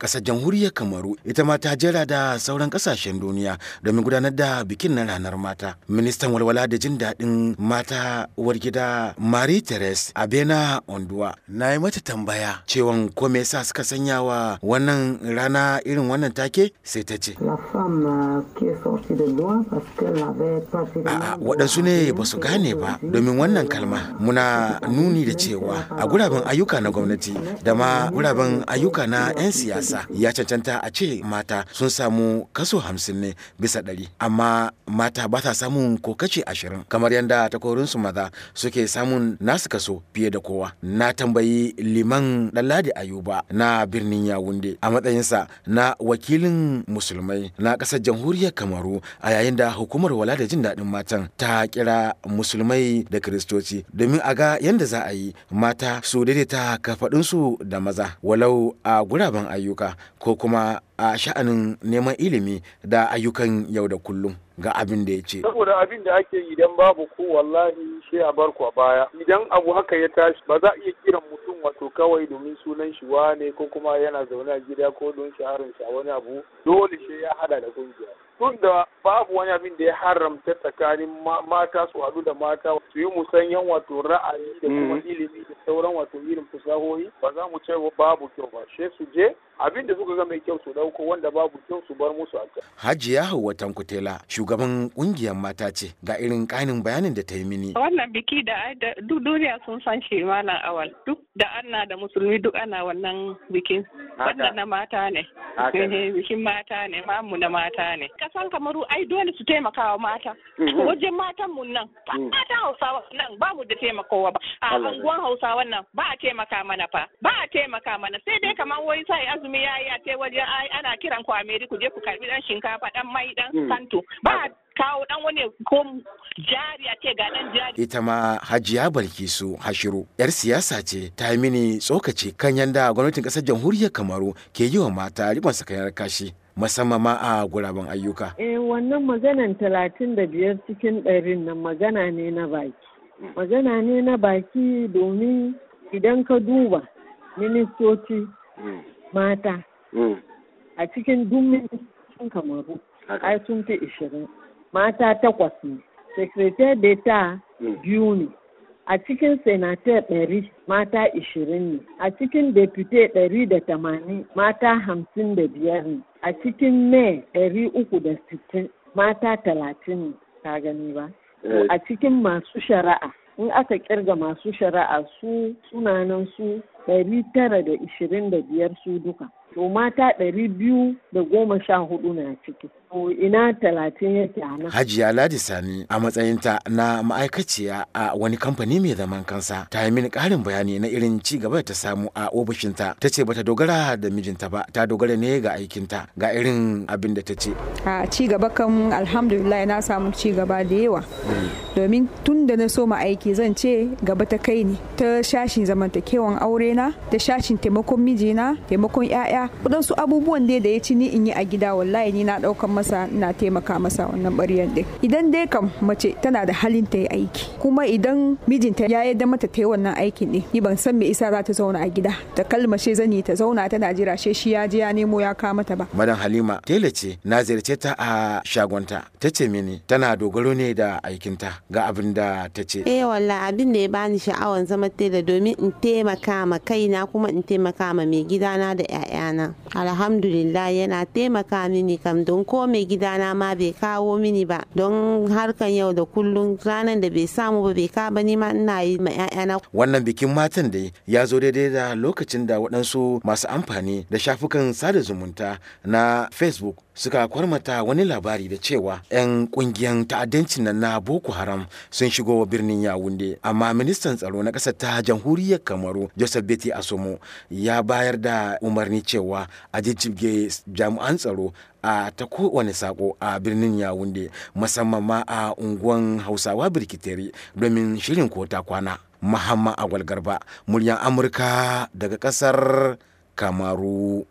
ƙasar jamhuriyar kamaru ita ma ta jera da sauran kasashen duniya domin gudanar da bikin na ranar mata ministan walwala da jin daɗin mata uwar gida marie therese abena onduwa na yi mata tambaya cewan ko me yasa suka sanya wa wannan rana irin wannan take sai ta ce euh, a'a waɗansu ne ba su gane ba domin wannan kalma muna nuni da cewa a guraben ayyuka na gwamnati da ma guraben ayyuka na 'yan siyasa ya cancanta a ce mata sun samu kaso hamsin ne bisa ɗari amma mata ba ta samun ko kace ashirin kamar yadda takorinsu maza suke samun nasu kaso fiye da kowa na tambayi liman ɗanladi ayuba na birnin yawunde a matsayinsa na wakilin musulmai na ƙasar jamhuriyar kamaru a yayin da hukumar wala da jin daɗin matan ta kira musulmai da kiristoci domin a ga yadda za a yi mata su daidaita kafaɗinsu da maza walau a guraben ayyuka ayyuka ko kuma a sha'anin neman ilimi da ayyukan yau da kullum ga abin da ya ce. Saboda abin da ake idan babu ku wallahi sai a barku a baya. Idan abu haka ya tashi ba za a iya kiran mutum wato kawai domin sunan shi wane ko kuma yana zaune a gida ko don shaharar shi a wani abu dole shi ya hada da kungiya tun da babu wani abin da ya haramta tsakanin mata su haɗu da mata su yi musanyan wato ra'ayi da mm. kuma ilimi da sauran wato irin fasahohi ba za mu ce babu kyau ba she su je abin da suka ga mai kyau su dauko wanda babu kyau su bar musu a can. Hajiya watan kutela shugaban kungiyar mata ce ga irin kanin bayanin da ta yi mini. Wannan biki da duk duniya sun san shi malam awal duk da ana da musulmi duk ana wannan bikin wannan na mata ne eh, bikin mata ne mamu na mata ne kasan kamaru ai dole su taimaka wa mata mhm. wajen matan mun nan mhm. mata hausawa nan ba mu da taimakawa ba a anguwan hausawa nan ba a taimaka mana fa ba a taimaka mana sai dai kamar wai sai azumi yayi a ce wajen ana kiran ku a ku je ku karbi dan shinkafa dan mai dan mhm. santo ba kawo dan wani ko jari a ce ga dan jari. Ita ma Hajiya Balkisu Hashiru yar siyasa ce ta yi mini tsokaci kan yanda gwamnatin kasar jamhuriyar Kamaru ke yi wa mata riban kayan kashi. musamman ma a guraben ayyuka. Eh wannan maganan talatin da biyar cikin ɗarin nan magana ne na baki. Magana ne na baki domin idan ka duba ministoci mata hmm. Hmm. a cikin duk ministocin kamaru ai sun fi ishirin. mata takwas ne sekretar data hmm. biyu ne a cikin senator ɗari mata ishirin ne a cikin depute ɗari da tamanin mata hamsin da biyar ne a cikin mai ɗari uku da sittin mata talatin ne ka gani ba eh. a cikin masu shari'a in aka kirga masu shari'a su sunanan su ɗari tara da ishirin da biyar su duka to mata ɗari biyu da goma sha hudu na ciki. To ina talatin yake a nan. Hajiya Ladi Sani a matsayinta na ma'aikaciya a wani kamfani mai zaman kansa ta yi mini ƙarin bayani na irin ci gaba da ta samu a ofishinta. Ta ce bata dogara da mijinta ba, ta dogara ne ga aikinta ga irin abin da ta ce. A ci gaba kan alhamdulillah na samu ci gaba da yawa. Mm. Domin tun da na so aiki zan ce gaba ta kai ne ta shashin zamantakewan aure na, ta shashin taimakon mijina, taimakon 'ya'ya gida wadansu abubuwan dai da ya ci ni in yi a gida wallahi ni na daukan masa na taimaka masa wannan bariyan din idan dai kam mace tana da halin ta yi aiki kuma idan mijinta ya yarda mata ta yi wannan aikin ne ni ban san me isa za ta zauna a gida ta she zani ta zauna tana jira she shi ya je ya nemo ya ka mata ba madan halima tela ce na ziyarce ta a shagonta ta ce mini tana dogaro ne da aikinta ga abin da ta ce eh wallahi abin da ya bani sha'awar zama tela domin in taimaka ma kaina kuma in taimaka ma mai gidana da 'ya'yana gidana alhamdulillah yana taimaka mini kam don ko mai gidana ma bai kawo mini ba don harkan yau da kullum ranar da bai samu ba bai ka ba ni ma ina yi ma ƴaƴana wannan bikin matan da ya zo daidai da lokacin da waɗansu masu amfani da shafukan sada zumunta na facebook suka kwarmata wani labari da cewa 'yan ƙungiyar ta'addancin nan na boko haram sun shigo wa birnin yawunde amma ministan tsaro na ƙasar ta jamhuriyar kamaru joseph beti asomo ya bayar da umarni cewa a jijjige jami'an tsaro a ta kowane sako a birnin yawunde musamman ma a unguwan hausawa birkiteri domin shirin kota kwana muhammad agwal garba muryan amurka daga kasar kamaru